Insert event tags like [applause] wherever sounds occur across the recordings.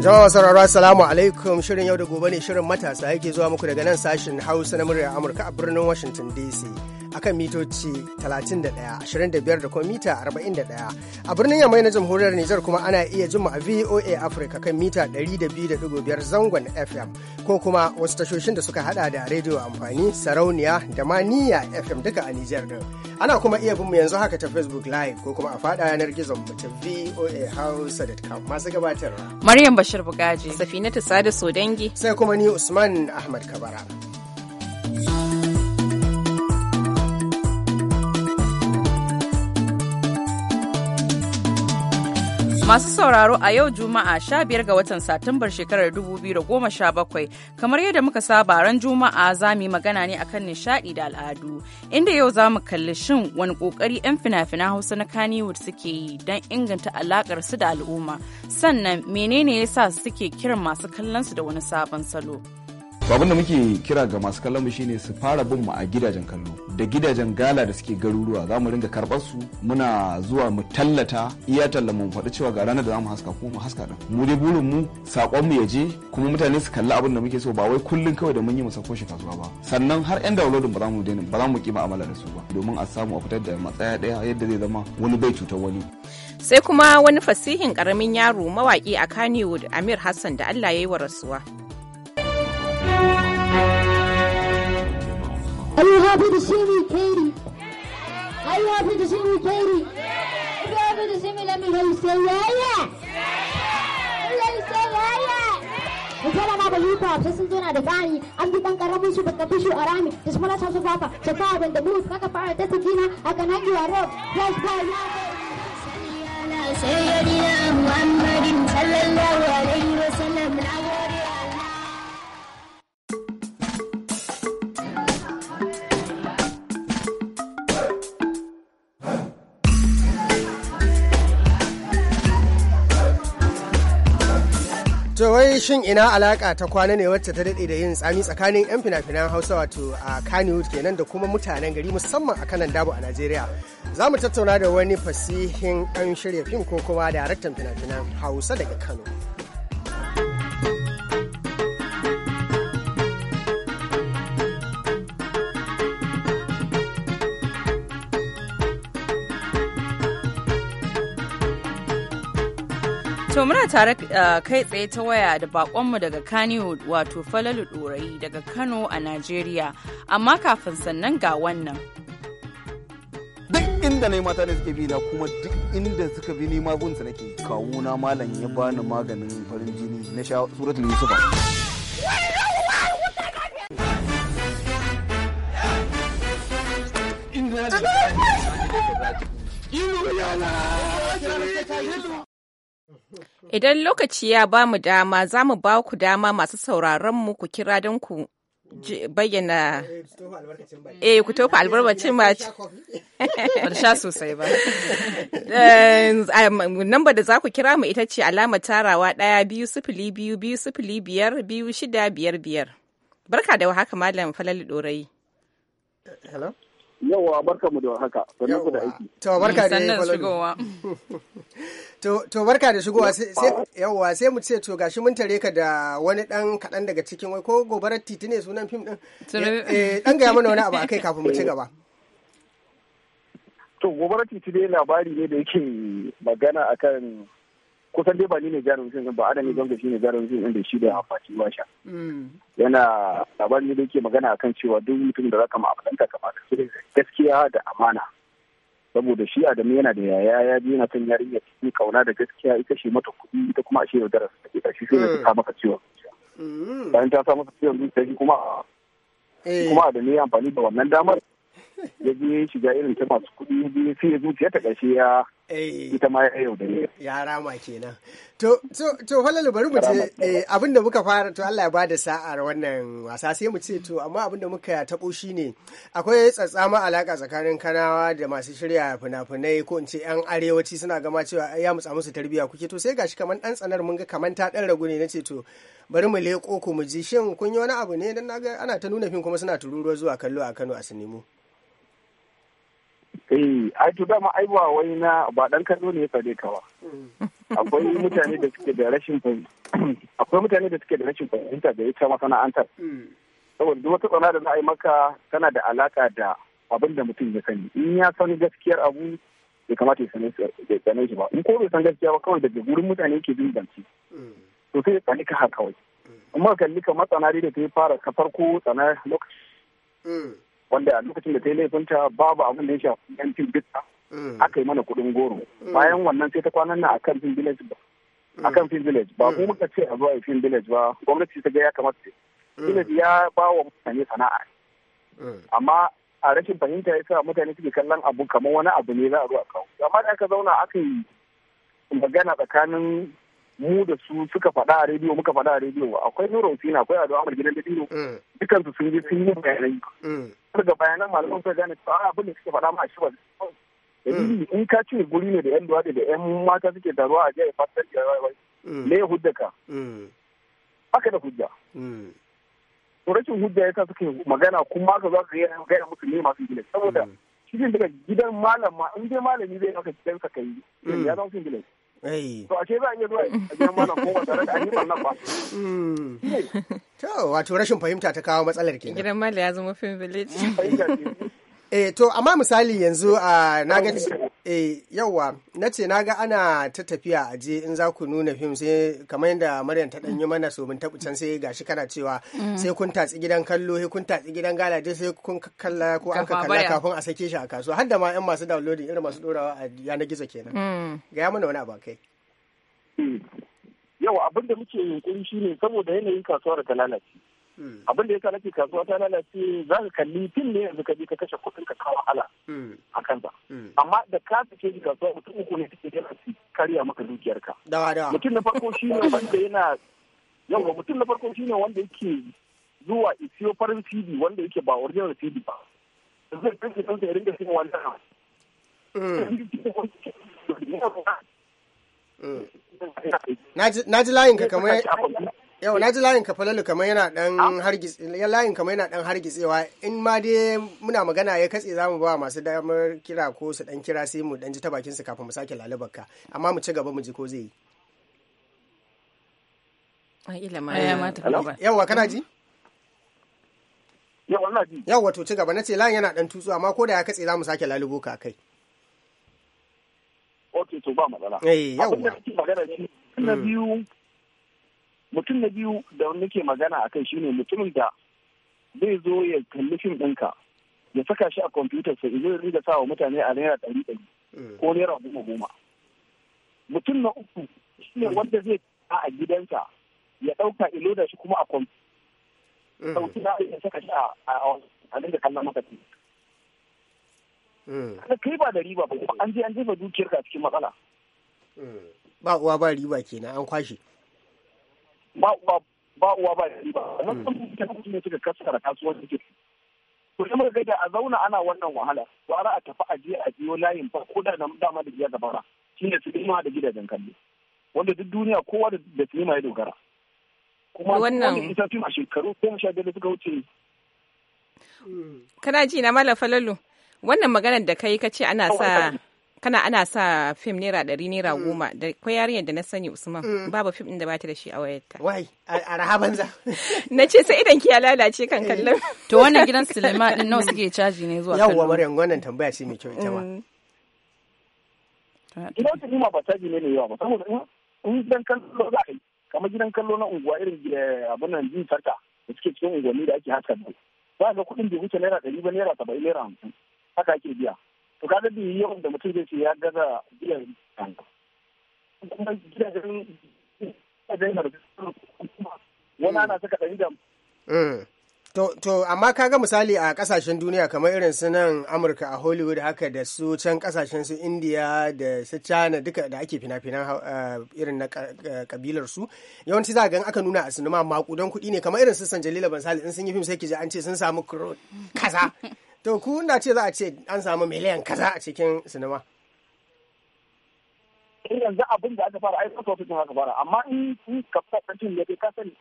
Jama'a sauraro assalamu alaikum shirin yau da gobe ne shirin matasa yake zuwa muku daga nan sashin Hausa na muryar Amurka a birnin Washington DC. akan mitoci 31 da kuma mita 41 a birnin yamai na jamhuriyar Nijar kuma ana iya jin a VOA Africa kan mita 200.5 zangon FM ko kuma wasu tashoshin da suka hada da rediyo amfani sarauniya da maniya FM duka a Nijar din ana kuma iya bin mu yanzu haka ta Facebook live ko kuma a fada yanar gizon mu ta voahausa.com masu gabatarwa Maryam Bashir Bugaji Safinatu Sada Sodangi sai kuma ni Usman Ahmad Kabara Masu sauraro a yau Juma'a sha biyar ga watan Satumbar shekarar 2017 kamar yadda muka saba ran Juma'a za mu yi magana ne akan nishadi da al'adu inda yau za mu kalli shin wani kokari 'yan fina-finan Hausa na Kannywood suke yi don inganta alakar su da al'umma sannan menene ya sa suke kiran masu kallon su da wani sabon salo. to abinda muke kira ga masu kallon mu shine su fara bin mu a gidajen kallo da gidajen gala da suke garuruwa za mu ringa karɓar su muna zuwa mu tallata iya talla mu faɗi cewa ga ranar da za mu haska ko mu haska din mu dai burin mu sakon mu ya je kuma mutane su kalli abin da muke so ba wai kullun kawai da mun yi mu shi kasuwa ba sannan har yan downloading ba za mu daina ba za mu ki mu'amala da su ba domin a samu a fitar da matsaya ɗaya yadda zai zama wani bai cutar wani sai kuma wani fasihin karamin yaro mawaƙi a kanewood Amir Hassan da Allah ya yi wa rasuwa. happy to see me, Katie? Are you happy to see me, Katie? If you're happy to see me, let me hear you say yeah, yeah. Let me hear you say yeah, yeah. Mutala na ba hip hop sai sun na da gani an bi dan karamin su baka fishu a rami da small house of when the move kaka fara ta tijina aka na yi rock flash boy ya سيدنا محمد صلى Sallallahu alaihi wasallam. To wai shin ina alaka ta kwana ne wacce ta daɗe da yin tsami tsakanin 'yan fina-finan Hausa wato a Kanewood kenan da kuma mutanen gari musamman a kanan dabo a Najeriya. Za mu tattauna da wani fasihin ɗan shirya fim ko kuma daraktan fina-finan Hausa daga Kano. muna tare kai tsaye ta waya da bakonmu daga Kannywood wato Falalu Dorayi daga Kano a Najeriya. Amma kafin sannan ga wannan. Duk inda na yi mata ne suke bi na kuma duk inda suka bi ni magunsa nake kawo na malam ya bani maganin farin jini na sha suratul Yusufa. Inna lillahi Idan lokaci ya ba mu dama, za mu ba ku dama masu sauraronmu ku kira don ku bayyana eh ku tofa albarkacin [laughs] ba sha sosai ba namba da za ku kira mu ita ce alama tarawa ɗaya biyu sifili biyu biyu sifili biyar biyu shida biyar biyar barka da haka malam falali ɗorayi hello Yawa barka mu da haka. Sannan ku da aiki. To barka da shigowa. To barka da shigowa sai yawa sai mu ce to gashi mun tare ka da wani dan kaɗan daga cikin wai ko gobarar titi ne sunan fim din. Eh dan eh, gaya mana wani abu akai kafin mu ci eh. gaba. To gobarar titi dai labari ne da yake magana akan kusan dai ba ni ne jarin fim ba adani ne shi ne jarin fim da shi da hafati washa mm. yana labarin ne da yake magana akan cewa duk mutum da zaka ma'amalanta kamata su gaskiya da amana saboda shi adamu yana da yaya ya biyu na son yarinya cikin kauna da gaskiya ita shi mata kuɗi ita kuma shi yaudara su take ƙarshe sai mm. ta sa maka ciwon bayan ta sa masa ciwon zuciya shi kuma eh. kuma adamu ya amfani da wannan damar [laughs] ya je shiga irin ta masu kuɗi ya biyu sai zuciya ta ƙarshe ya Eh. ita ma ya yau da ya rama kenan to to to halal bari mu ce eh, abinda muka fara to Allah ya bada sa'ar wannan wasa sai mu ce to amma abinda da muka tabo shine akwai tsatsama alaka tsakanin kanawa da masu shirya fina-finai ko in ce yan arewaci suna gama cewa ya mutsa musu tarbiyya kuke to sai gashi kaman dan tsanar mun ga kaman ta dan ragu ne ce to bari mu leko ku mu ji shin kun yi wani abu ne dan naga ana ta nuna fin kuma suna tururuwa zuwa kallo a Kano a Sinimu eh ai to dama ai ba wai na ba dan kallo ne ya fade ka ba mm. akwai mutane da suke da rashin [clears throat] akwai mutane da suke da rashin fahimta da ita masana'antar mm. saboda duk wata tsana da za a yi maka tana da alaka da abin da mutum ya sani in ya san gaskiyar abu ya kamata ya sani shi ba in ko bai san gaskiya ba kawai daga gurin mutane yake jin zance mm. to sai ya tsani ka haka kawai amma kalli ka dai da ta fara ka farko tsana lokaci wanda a lokacin da ta yi laifinta babu abin da ya shafi yancin bisa mm. aka yi mana kuɗin goro mm. bayan wannan sai ta kwanan nan akan fin village ba akan fin village ba mu mm. muka ce a zuwa fin village ba gwamnati ta ga ya kamata village ya ba wa mutane sana'a amma a rashin fahimta ya sa mutane suke kallon abu kamar wani abu ne za a zuwa kawo amma da aka zauna aka yi magana tsakanin mu da su suka faɗa a rediyo muka faɗa a rediyo akwai nuron fina akwai ado amur gidan da dino dukansu sun yi sun yi bayanai daga bayanan malamin ka gane cewa abin da suke faɗa ma shi ba hmm. in ka ce guri ne da yan luwaɗi da yan mata suke taruwa a jiya fatar da rayuwa ne ya hmm. hudda ka hmm. haka da hujja to rashin hujja yasa suke magana kuma ka za ka yi gaya musu ne masu gina saboda shi daga gidan malama in dai malami zai yi maka gidansa ka yi ya zama sun gina To a ce za a iya zuwa a gidan malam ko ba tare da yi barna ba. To wato rashin fahimta ta kawo matsalar kenan. Gidan malam ya zama film village. Eh to amma misali yanzu a ah, na ga eh yauwa na ce na ga ana ta tafiya a je in za ku nuna fim sai kamar yadda maryam ta danyi mana so mun can sai gashi kana cewa sai kun tatsi gidan kallo sai kun tatsi gidan galaje sai kun kalla ko an ka kalla kafin a sake shi a kasuwa har da ma yan masu downloading irin masu dorawa a yanar gizo kenan mm. ga ya mana wani abu kai hmm. yau abin da muke yunkuri shine saboda yanayin kasuwar ta lalace abin da ya sa nake kasuwa ta lalace za ka kalli fim ne yanzu ka je ka kashe kuɗin ka kawo ala mm. a kansa mm. amma da ka sake ji kasuwa mutum uku ne take su karya maka dukiyarka mutum na farko ne wanda yana yawa mutum na farko ne wanda yake zuwa isiyo farin cd wanda yake ba original cd ba zai fi kansa ya da cin wannan na ji layin ka kamar yau na ji layin kafalalu kamar yana dan ah? hargitse layin kamar yana dan hargitsewa in ma dai muna magana ya katse zamu ba masu damar kira ko su dan kira sai mu dan ji ta bakin su kafin mu sake lalubarka amma mu ci gaba mu ji ko zai yi eh, yawwa kana ji yawwa to ci gaba na ce layin yana dan tutsu amma ko da ya katse zamu sake lalubo ka kai ok to ba matsala eh yawwa magana shi na biyu mutum na biyu da nake magana a kai shine mutumin da zai zo ya kalli fim ɗinka ya saka shi a kwamfutar sai zai riga sa wa mutane a naira ɗari ɗari mm. ko naira goma goma mutum na uku shine mm. wanda zai ta a gidansa ya ɗauka ilo da shi kuma a kwamfutar mm. ɗauki za iya saka shi a dinga kallon maka kai ba da riba ba an je an jefa dukiyar ka cikin matsala ba uwa ba riba kenan an kwashe ba uwa ba uwa ba ba nan sun ne suka kaskara kasuwanci ke to in muka da a zauna ana wannan wahala to ara a tafi a je a biyo layin ba ko da nan dama da jiya gabara shine sinima da gidajen kallo wanda duk duniya kowa da sinima ya dogara kuma wannan ita fim a shekaru goma sha biyar da suka wuce kana ji na mala falalu wannan maganar da kai kace ana sa kana ana sa fim naira ɗari naira mm. goma da kwai yarinyar da na sani usman mm. babu fim ɗin da bata da shi a wayarta wai a raha banza [laughs] na ce sai idan ki ya lalace kan eh. kallon to wannan gidan silima din nawa suke caji ne zuwa yawwa maryam wannan tambaya ce mai kyau ita ma gidan mm. silima ba caji ne ne yawa ba saboda in gidan kallo za ka yi kamar gidan kallo na unguwa irin eh, abin nan jin sarka da suke cikin unguwanni da ake haska ba za ka kuɗin bai wuce naira ɗari ba naira saba'in naira hamsin haka ake biya to ka ga yawan da mutum zai ce ya gaza biyar eh. To, to amma kaga misali a kasashen duniya kamar irin su nan Amurka a Hollywood haka da su can kasashen su India da su China duka da ake fina-finan eh, irin na kabilar eh, su yawanci za a gan aka nuna a sinima makudan kuɗi ne kamar irin su Sanjalila Bansali in sun yi fim sai ki ji an ce sun samu kaza [laughs] to ku na ce za a ce an samu miliyan kaza a cikin sinima in eh, yanzu abin da aka fara ai kuka wasu haka fara amma in kun kafa kancin da ka sani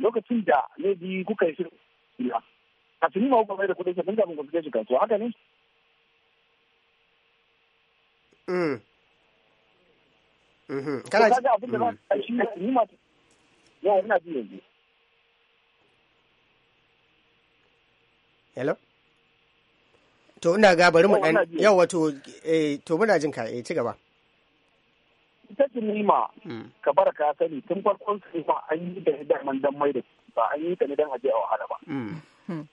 lokacin da ne bi kuka yi shirin a sinima kuka mai da kudin sa dinga mun kuka shi kasuwa haka ne mm. mm-hmm. kana ji abin da za shi ne sinima yawa ina ji yanzu hello to ina ga bari mu dan yau wato eh to muna jin ka eh ci gaba ita nima hmm. ka bar ka sani tun farkon su ba an yi da daman dan mai da ba an yi ta ne dan aje a wahala ba hmm. Hmm.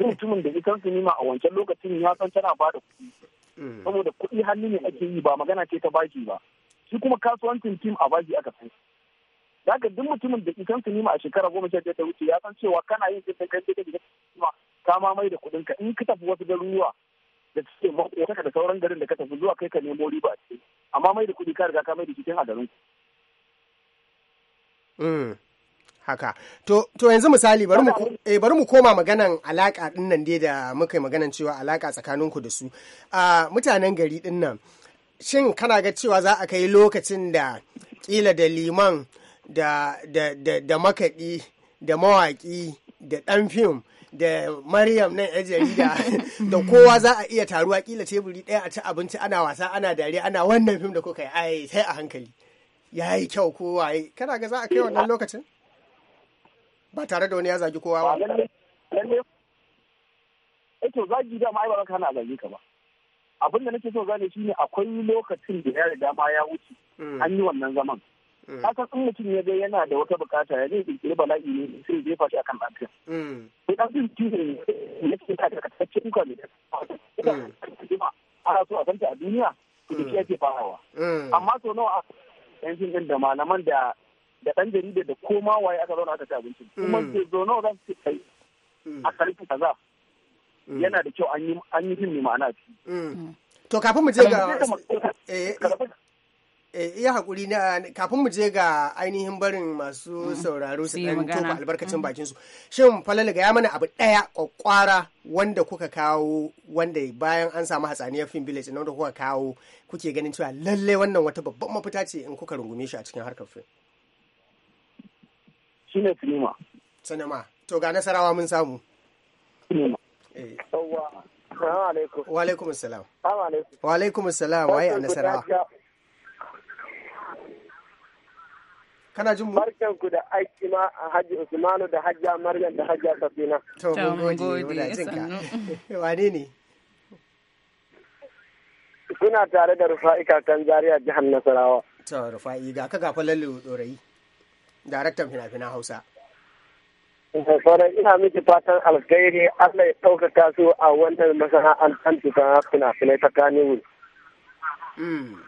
mutumin da ita nima a wancan lokacin ya san tana ba da kuɗi saboda kuɗi hannu ne ake yi ba magana ce ta baki ba shi kuma kasuwancin tim a baki aka san ga duk mutumin da su sinima a shekara goma sha ta wuce ya san cewa kana yin sai kai kai da kuma ka mamaye da kuɗin ka in ka tafi wasu garuruwa da suke makwataka da sauran garin da ka tafi zuwa kai ka nemo riba ce amma mai da kuɗi ka riga ka mai da shi a garin mm, haka to to yanzu misali bari mu eh bari mu koma maganan alaka din nan dai da muka yi maganan cewa alaka tsakanin ku da su a mutanen gari din nan shin kana ga cewa za a kai lokacin da kila da liman da, da, da, da makaɗi da mawaƙi da ɗan fim da maryam nan yan jarida [laughs] da kowa za a iya taruwa kila teburi ɗaya a ci abinci ana wasa ana dariya ana wannan fim da kuka yi ai sai a hankali ya yi kyau kowa yi kana ga za a kai wannan lokacin ba tare da wani ya zagi kowa ba eh to zagi da ma ba ka zagi ka ba abin da nake so gane shine akwai lokacin da ya riga ma ya wuce hmm. an yi wannan zaman Mm. Kasa in mutum ya ga yana da wata bukata ya zai kirkiri bala'i ne sai zai fashi akan ɗan fiyan. Mm. Sai ɗan fiyan cikin ya ce ta mm. da kasance in kwami da ana so a santa a duniya da shi ake farawa. Amma so nawa a yan fin da malaman da da ɗan jarida da koma waye aka zauna aka ci abinci. Kuma sai zo nawa zan ce kai a karfi kaza. Yana da kyau an yi fim ne ma'ana a ciki. To kafin mu je ga Eh, iya haƙuri na kafin mu je ga ainihin barin masu mm-hmm. sauraro su ɗan tofa albarkacin mm-hmm. bakin su shin falala ga ya mana abu ɗaya ƙwaƙwara wanda kuka kawo wanda bayan an samu hatsaniyar film village na wanda kuka kawo kuke ganin cewa lalle wannan wata babban mafita ce in kuka rungume shi a cikin harkar film shine sinima sinima to ga nasarawa mun samu eh. wa alaikum salam wa alaikum salam waye a nasarawa kana jin mu barkan ku da aiki ma a Hajji Usmanu da Hajja Maryam da Hajja Safina to mun gode [laughs] wane ne kuna tare da Rufa'i kakan Zaria jihar Nasarawa to Rufa'i ga ka ga falalu dorayi daraktan fina-finan Hausa sauran ina miki fatan alkhairi Allah ya ɗaukaka su a wannan masana'antar fina-finai ta Kannywood. Hmm.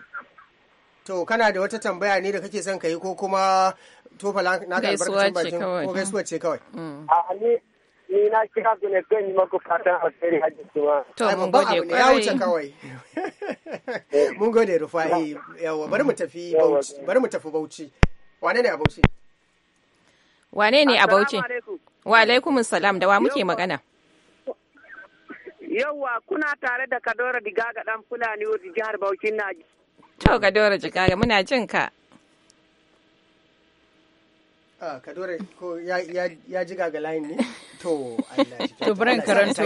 To kana da wata tambaya ne da kake son ka yi ko kuma tofa na albarkacin bakin ko gaisuwa ce kawai. Mm. A ni na kira ku ne zan yi maku fatan alheri hajji suma. To mun gode kwarai. Ya wuce kawai. [laughs] Mun gode Rufa'i. Yawwa bari mu tafi Bauchi. Bari mu tafi Bauchi. Wane ne a Bauchi? Wane ne a Bauchi? Wa alaikumus salam da wa muke magana? Yawwa kuna tare da Kadora Digaga dan Fulani jihar Bauchi Najeriya. To Kadora muna jin ka. Ah, ko ya ga layin ne? To Allah To karanto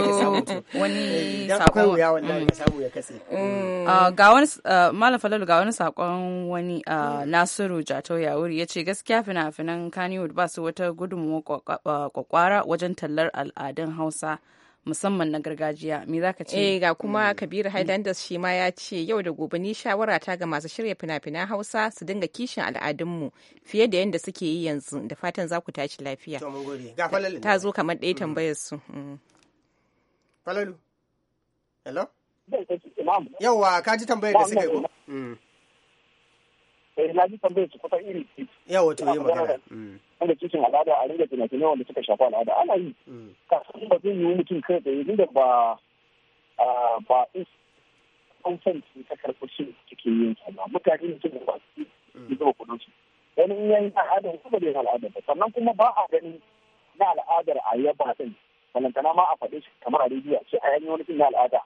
wani eh, wuya wallahi ka samu ya katse. Mm. Mm. Ah, ga wani ah, Malam Falalu ga wani sakon wani mm. Nasiru Jato Yawuri ya ce gaskiya fina-finan Kannywood ba su wata gudunmuwa kwakwara wajen tallar al'adun Hausa. musamman na gargajiya me zaka ce eh ga kuma hmm. kabiru highlanders shi ma ya ce yau da gobe ni shawara ta ga masu shirya fina-finan hausa su dinga kishin al'adunmu fiye da yadda suke yi yanzu da fatan za ku tashi lafiya ta zo kamar ɗaya hmm. tambayar su hmm. falalu hello ka ji tambayar da suke ko eh na ji tambayar su kusan iri ce yawa to yi magana mm. wanda cikin al'ada a ringa tunatunan wanda suka shafa al'ada ana yi mm. kasan ba zai yi mutum kai tsaye inda ba ba is consent ta karɓar shi suke yin sa ba mutane ne suka ba su yi mm. zuwa kudin su wani in yayin al'ada ko ba zai al'ada ba sannan kuma ba a ganin na al'adar a yaba din balantana ma a faɗe shi kamar a rediyo a ce a yanyi wani cin na al'ada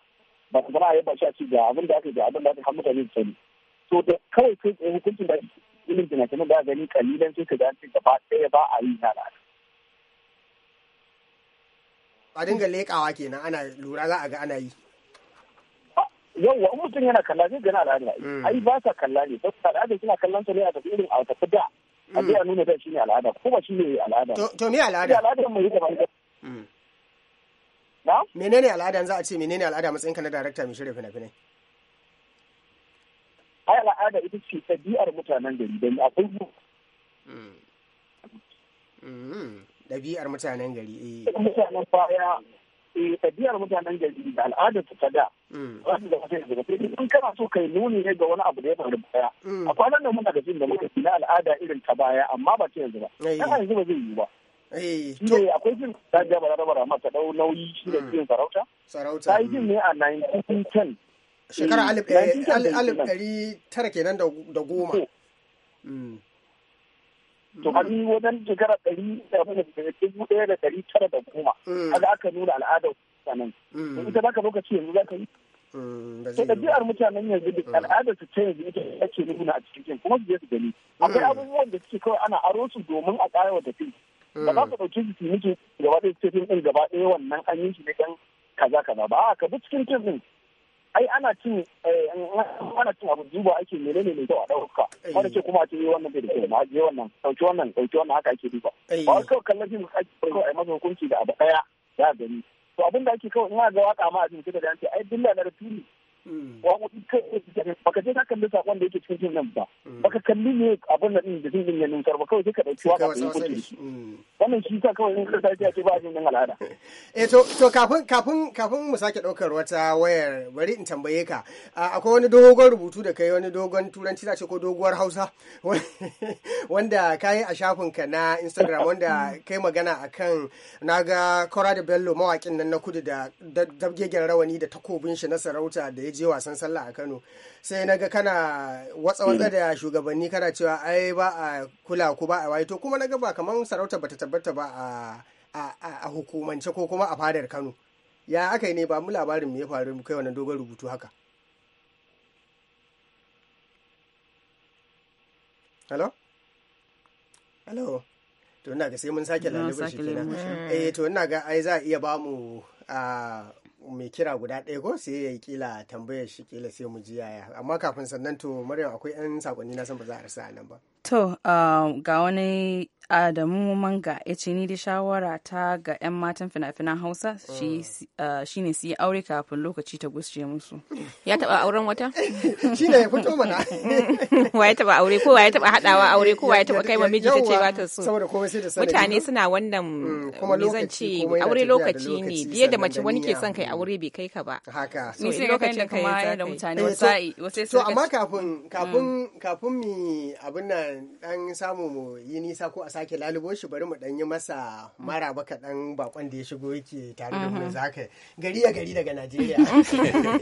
ba su a yaba shi a ci ga abin da aka yi ga abin da aka yi har mutane su sani so da kawai kai tsaye hukuncin da ilimin fina-finan da gani kalilan sai ka ga gaba ɗaya ba a yi na a dinga Lekawa kenan ana lura za a ga ana yi yawwa mutum yana kalla zai gana al'ada mm. ai ba sa kalla ne ba sa al'ada suna kallon sa ne a tafi irin a tafi da a zai mm. nuna da shi ne al'ada ko ba shi ne al'ada to me al'ada al'ada mu yi gaban mm. na menene al'ada za a ce menene al'ada matsayin na darakta mai shirya fina-finai ai al'ada ita ce ɗabi'ar mutanen gari don akwai mm-hmm. ɗabi'ar mutanen gari eh mutanen baya eh ɗabi'ar mutanen gari da al'adar ta da mm. za in kana so kai nuni ne ga wani abu da ya faru baya mm. a kwanan nan muna da jin da muka na al'ada irin ta baya amma ba ta yanzu ba kana eh. yanzu ba zai yi ba eh, ne akwai jin ta jaba da rabara mata dau nauyi shi da jin mm. sarauta sarauta ta yi jin ne a 1910 shekara eh, alif eh, ɗari tara kenan da goma to mm. an wajen shekara ɗari dubu ɗaya da ɗari tara da goma mm. kaga aka nuna al'adar mutanen mm. ita za ka lokaci yanzu za ka yi sai biyar mutanen yanzu da al'adar su ta yanzu ita ake nuna a cikin kuma su je su gani akwai abubuwan da suke kawai ana aro su domin a ƙara wa tafi ba za ka ɗauki jiki muke. gaba ɗaya cikin ɗin gaba ɗaya wannan an yi shi ne ɗan kaza kaza ba a ka bi cikin ɗin. ai ana cin eh, ana cin abu duba ake ne mai kyau a dauka wanda ke kuma a ce eh, wannan bai da kyau ma wannan dauki wannan dauki wannan haka ake duba ba kawai kallon fim ake kawai ai masa hukunci da abu daya ya gani to abin da ake kawai ina ga waka ma a cikin da yanci ai dilla na da tuni Hmm. waƙoƙi kai baka je ka kalli sakon da yake cikin fim nan ba hmm. baka kalli ne abin da da fim din ya nusar ba kawai sai ka ɗauki waƙa da yake hmm. wannan shi ta kawai in ka sai ya ce ba jin al'ada [laughs] eh to to kafin kafin kafin mu sake ɗaukar wata wayar bari in tambaye ka akwai wani dogon rubutu da kai wani dogon turanci da ce ko doguwar Hausa [laughs] wanda kai a shafin ka na Instagram wanda [laughs] kai magana akan naga Kora da Bello mawakin nan na kudu da dabgegen rawani da takobin shi na sarauta da ya je wasan sallah a Kano sai naga kana watsa watsa hmm. da shugabanni kana cewa ai ba a kula ku ba a waye to kuma naga ba kaman sarauta bata tabbata ba a a hukumance ko kuma a fadar Kano ya aka ne ba mu labarin me ya faru mu kai wannan dogon rubutu haka Hello? Hello? to ina ga sai mun sake lalaba shi kenan eh to ina ga ai za a iya ba mu mai kira guda ɗaya ko sai ya yi kila tambayar shi kila sai mu ji yaya amma kafin sannan to maryam akwai yan sakonni na san ba za a rasa nan ba to ga wani adamu manga ya ce ni da shawara ta ga 'yan matan fina-finan hausa mm. shi ne su yi aure kafin lokaci ta gusce musu [laughs] ya taba auren wata [laughs] shi ne ya fito mana [laughs] wa ya taba aure ko wa ya taba hadawa aure ko wa ya taba kai ma miji ta ce ba ta so mutane suna wannan mizanci mm, mm, zan ce aure lokaci ne biye da mace wani ke son kai wuri bai kai ka ba haka ni sai lokacin da kuma da mutane wasai eh, to amma mm. kafin kafin kafin mi abin nan dan samu mu yi nisa ko a sake lalubo shi bari mu dan yi masa mara baka dan bakon da ya shigo yake tare da mu mm-hmm. zaka gari ya gari daga Najeriya assalamu [laughs]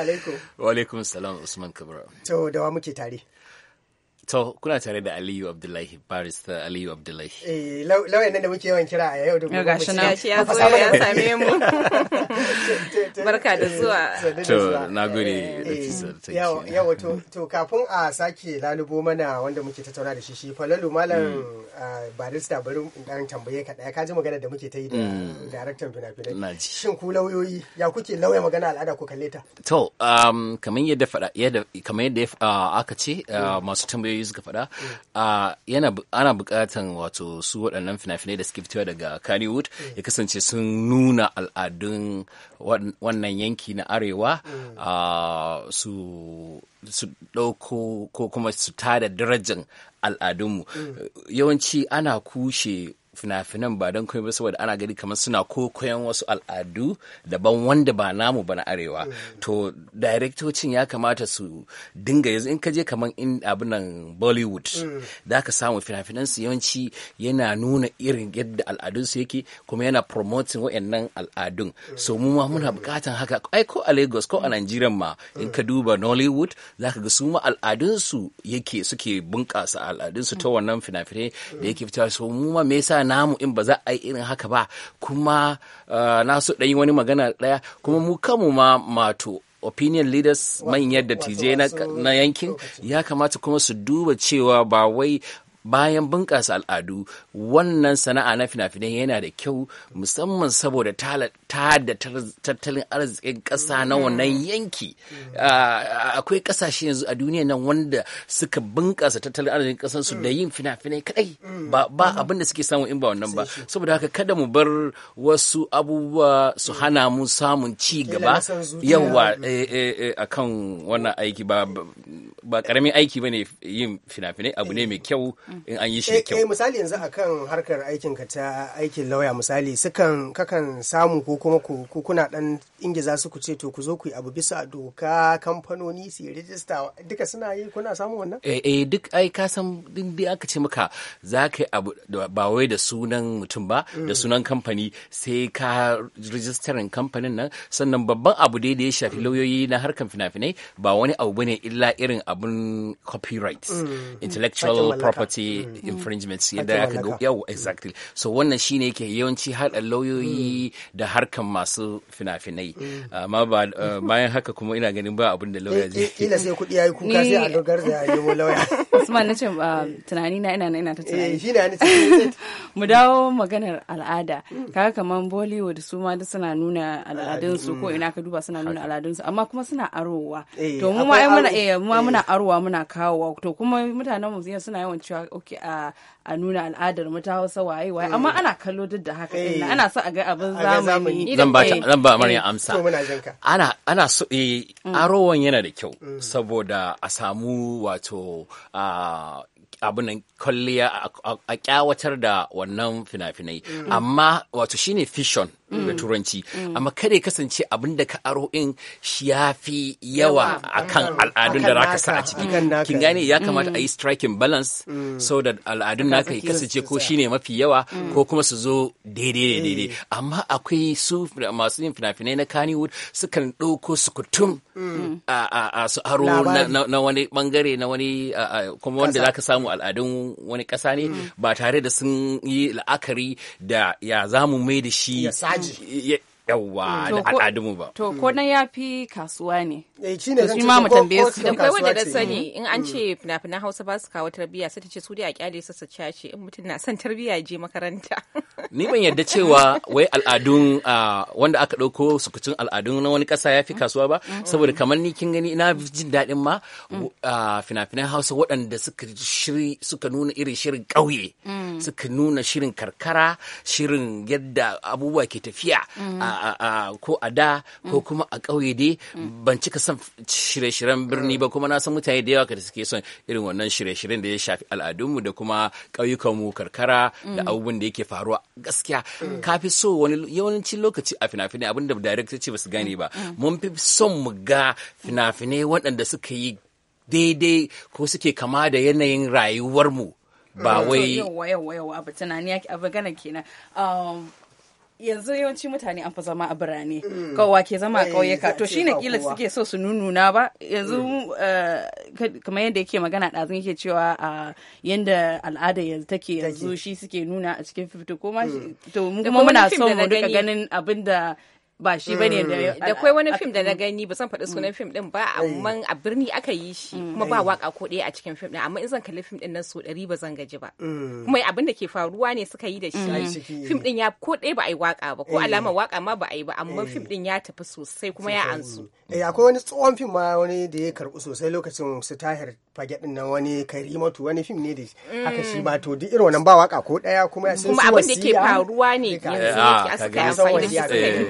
eh, alaikum wa alaikum salam Usman Kabra to da wa muke tare To, kuna tare da Aliyu Abdullahi, barista Aliyu Abdullahi. Eh, lauyan nan da muke yawan kira a yau da gobe. Gashi na ya zo ya same mu. [laughs] shit, barka da eh, zuwa. To, na gode. Eh, eh, yawa, to, kafin a sake lalubo mana wanda muke tattauna da shi shi falalu malam mm. ah, barista bari dan tambaye ka daya kaji magana da muke ta yi da mm. daraktan fina-finai. Shin ku lauyoyi ya kuke lauya magana al'ada ku kalle ta? To, um, kamar yadda kamar yadda ah, aka ce ah, mm. masu tambayoyi suka faɗa yana ana buƙatan wato su waɗannan fina-finai da suke fitowa daga Kannywood ya kasance sun nuna al'adun wannan wannan yanki na arewa mm. su su ɗauko ko kuma su tada darajar al'adunmu mm. yawanci ana kushe fina-finan ba don kuma saboda ana gani kamar suna kokoyon wasu al'adu daban wanda ba namu ba na arewa mm. to daraktocin ya kamata su dinga yanzu in ka je kamar in abin nan bollywood da mm. ka samu fina-finan su yawanci yana nuna irin yadda al'adun su yake kuma yana promoting wayannan al'adun mm. so mu ma muna bukatan haka ai ko a Lagos ko a Najeriya ma in ka duba Nollywood za ka ga su ma al'adun su yake suke bunkasa al'adun su ta wannan fina-finai da yake fitowa so mu ma me yasa namu in ba za a yi irin haka ba kuma eh, na so ɗan yi wani magana ɗaya kuma mu kanmu ma mato opinion leaders manyan dattijai na yankin ya kamata kuma su duba cewa ba wai bayan bunƙasa al'adu wannan sana'a na fina-finai yana da kyau musamman saboda ta da tattalin arzikin ƙasa na wannan yanki akwai ƙasashe yanzu a duniya nan wanda suka bunƙasa tattalin arzikin su da yin fina-finai kadai? ba abin suke samu in ba wannan ba saboda haka kada mu bar wasu abubuwa su hana mu samun ci gaba yawa eh, eh, eh, a kan wannan aiki ba ƙaramin aiki ba ne yin fina-finai abu ne mai kyau in an yi shi eh, kyau. Eh misali yanzu akan harkar aikin ka ta aikin lauya misali sukan kakan samu ko kuma ku kuna dan ingiza su ku ce to ku zo ku yi abu bisa doka kamfanoni su yi rijista duka suna yi kuna samu wannan? Eh eh duk ai ka san din da aka ce maka za ka yi abu ba wai da sunan mutum ba da mm. sunan kamfani sai ka rijistarin kamfanin nan sannan babban abu dai da ya shafi lauyoyi na harkar fina-finai ba wani abu bane illa irin abun copyright mm. intellectual property Mm-hmm. infringements yadda aka ga yau exactly so wannan shine yake yawanci hada lauyoyi mm. da harkan masu fina-finai mm. amma ah, ah, bayan haka kuma ina ganin ba abin da lauya eh, zai eh, kila sai kuɗi yayi kuka sai a dogar da yabo lauya [laughs] Usman ce ah, tunani na ina ina ta tunani eh, [laughs] mu dawo maganar al'ada mm. kaga kaman Bollywood su ma duk suna nuna al'adunsu ko ina ka duba suna nuna al'adunsu amma kuma suna arowa to mu ma muna muna arowa muna kawowa to kuma mutanen mu suna yawan cewa okay a nuna al'adar mu ta Hausa waye waye eh. amma ana kallo duk da haka din eh. ana so a ga abin zamani zan ba zan ba eh, amsa ana ana so eh mm. arowan yana da kyau mm. saboda a samu wato abunan kwalliya a kyawatar da wannan fina-finai mm. amma wato shine fission da mm. turanci mm. amma kada ya kasance abin da ka aro in shi ya fi yawa akan mm. al'adun da raka sa a ciki kin gane ya kamata a yi striking balance so da al'adun naka ya kasance ko shine mafi yawa ko kuma su zo daidai daidai eh. amma akwai su masu yin fina-finai na Kannywood sukan ɗauko kutum a su aro na wani bangare na wani kuma wanda zaka samu al'adun wani kasa ne ba tare da sun yi la'akari da ya zamu mai da shi 也。yawwa mm, da al'adunmu ba. To, ko na ya fi kasuwa ne. Eh, shi ne zan mu tambaye su. Da kai wanda da sani in an mm. ce fina-finan Hausa ba su kawo tarbiyya sai ta ce su dai a kyale su su cace in mutum na son tarbiyya je makaranta. [laughs] Ni ban yarda cewa wai al'adun ah, wanda aka ɗauko sukucin al'adun na wani ƙasa ya fi kasuwa ba mm-hmm. saboda mm-hmm. kamar ni kin gani ina mm-hmm. jin daɗin ma mm. ah, fina-finan Hausa waɗanda suka shiri suka nuna irin shirin ƙauye suka nuna shirin karkara shirin yadda abubuwa ke tafiya ah, ko a da ko mm. kuma a ƙauye dai mm. ban cika san shirye-shiryen birni ba mm. kuma na san mutane da yawa da suke son irin wannan shirye-shiryen da ya shafi al'adunmu da kuma ƙauyukanmu karkara da abubuwan da yake faruwa gaskiya ka fi so wani yawancin lokaci a fina-finai abinda director ce ba su gane ba mun fi son mu ga fina-finai waɗanda suka yi daidai ko suke kama da yanayin rayuwarmu ba wai yawa yawa yawa abu tunani abu gana kenan um, yanzu yawanci mutane an fi zama a birane mm. kowa ke zama a eh, ƙauyuka to shine kila suke so su nununa ba yanzu mm. eh, kamar yadda yake magana ɗazun yake cewa a yanda al'ada yanzu take yanzu shi suke nuna a cikin fifito ko ma to kuma mm. muna so mu duka ganin abinda. ba shi ba ne mm. da kwai wani fim da na mm. gani mm. ba san faɗi sunan fim din ba amma a birni aka yi shi kuma ba eh. waka ko ɗaya a cikin fim ɗin amma in zan kalli fim din nan so ɗari ba zan gaji ba kuma abin da ke faruwa ne suka yi da shi fim din ya ko ɗaya ba a yi waka ba ko eh. alama waka ma ba a yi ba amma eh. fim din ya tafi sosai kuma ya ansu eh akwai wani tsohon fim ma wani da ya karɓi sosai lokacin su tahir fage ɗin nan wani karimatu wani fim ne da aka shi ma to duk irin wannan ba waka ko ɗaya kuma sun kuma abin da ke faruwa ne yanzu ah, aka yi amfani da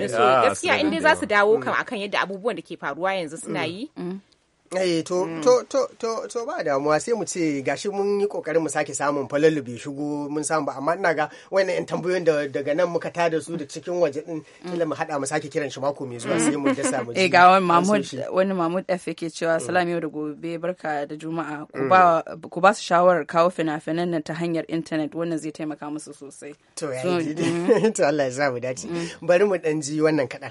shi gaskiya in dai za su dawo kan akan yadda abubuwan da ke faruwa yanzu suna yi Eh, to, mm. to, to, to, to ba damuwa sai mu ce gashi mun yi kokarin mu sake samun falalu bai shigo mun samu ba amma ina ga wannan yan tambayoyin da daga nan muka tada su da cikin waje din mm. kila mu hada mu sake kiran shi mako mai zuwa sai mu mm. dasa mu [laughs] eh ga wani Mahmud wani Mahmud F yake cewa mm. salam yau da gobe barka da juma'a ku ba ku ba su shawarar kawo fina-finan nan ta hanyar internet wannan zai taimaka musu sosai to ya mm-hmm. [laughs] to Allah ya sa mu dace bari mu dan ji wannan kadan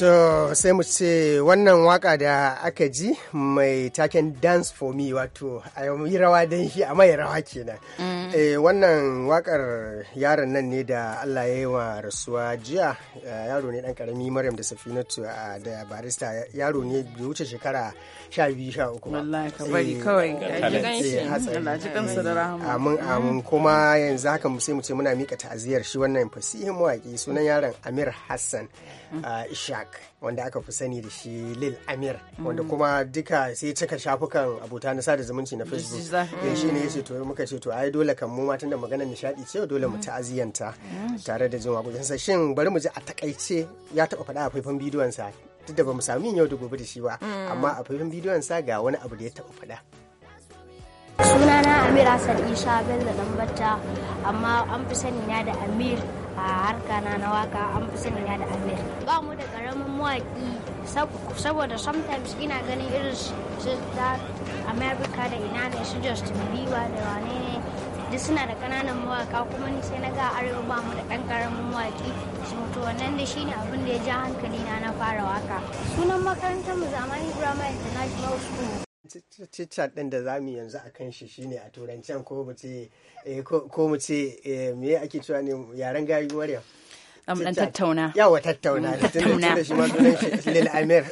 to sai mu ce wannan waka da aka ji mai taken dance for me wato a yi rawa don shi a mai rawa kenan mm. eh, wannan wakar yaron nan ne da allah ya yi wa rasuwa jiya eh, yaro ne dan karami maryam da safinatu da barista yaro ne bai wuce shekara sha biyu sha uku wallahi ka eh, bari kawai amin amin mm. kuma yanzu haka sai mu ce muna mika ta'aziyar shi wannan fasihin mawaki sunan yaron amir hassan Ishak wanda aka fi sani da shi lil amir mm. wanda kuma duka sai cika shafukan abota na sada zumunci na facebook Yanzu eh, ne yace mm. to muka ce to ai dole kan mu matan da maganar nishadi ce dole mu mm. ta'aziyanta tare da jin waƙoƙinsa shin bari mu ji a takaice ya taba faɗa a faifan bidiyon sa duk da ba mu sami yau da gobe da shi ba amma a faifan bidiyon sa ga wani abu da ya taba faɗa sunana amir asad isa bello Lambata amma an fi sani na da amir a harka na na waka an fi sani da amir ba mu da karamin mawaki saboda sometimes ina ganin irin su da america da ina ne su justin bieber da wane ne duk suna da kananan mawaka kuma ni sai na ga arewa ba mu da ɗan karamin mawaki mutu wannan da shine abin da ya ja hankali na na fara waka sunan makarantar mu zamani grammar international school cicat ɗin da za mu yanzu a kan shi shine a turancen ko mu ce eh, ko mu ce eh, me ake cewa ne yaren gayu wariya um, tattauna yawa tattauna mm, tattauna da shi ma sunan shi [laughs] lil amir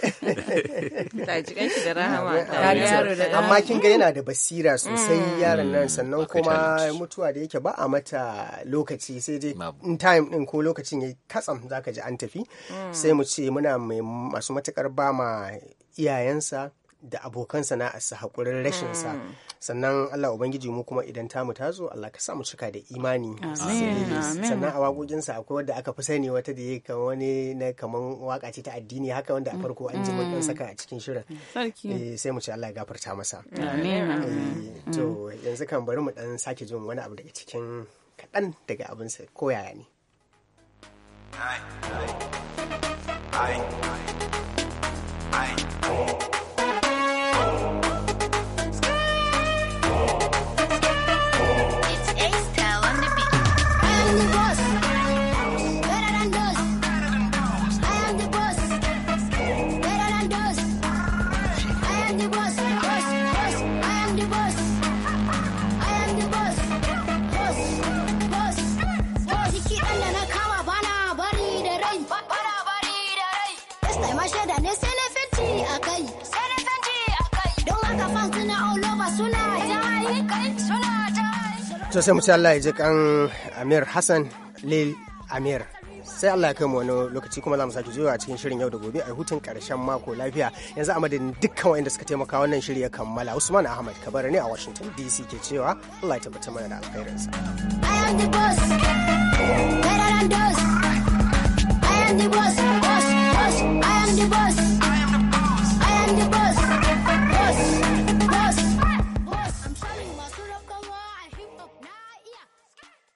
ta ji shi da rahama ta yaro da amma kin ga yana da basira sosai mm. yaron nan sannan kuma mutuwa da yake ba a mata lokaci sai dai in time din ko lokacin ya katsam zaka ji an tafi mm. sai mu ce muna masu matukar ba ma iyayensa da abokan sana'arsa haƙurin rashinsa hmm. sannan Allah Ubangiji mu kuma idan tamu ta tazo Allah ka sa mu cika da imani sannan a sa akwai wanda aka fi sani wata da yake kama wani na kaman waka ce ta addini haka wanda a hmm. farko an ji mun saka a cikin shirin hmm. eh, sai mu ce Allah ya gafarta masa eh, to yanzu kan bari mu dan sake jin wani abu daga cikin kaɗan daga abinsa ko yaya ne Aye. Aye. Aye. Aye. to sai mu ci Allah ya ji kan Amir Hassan Lil Amir sai Allah ya kai mu wani lokaci kuma za mu sake zuwa a cikin shirin yau da gobe a hutun karshen mako lafiya yanzu a madadin dukkan wanda suka taimaka wannan shirin ya kammala Usman Ahmad Kabara ne a Washington DC ke cewa Allah ya tabbata mana da alkhairinsa I am the boss I am the boss I am the boss boss boss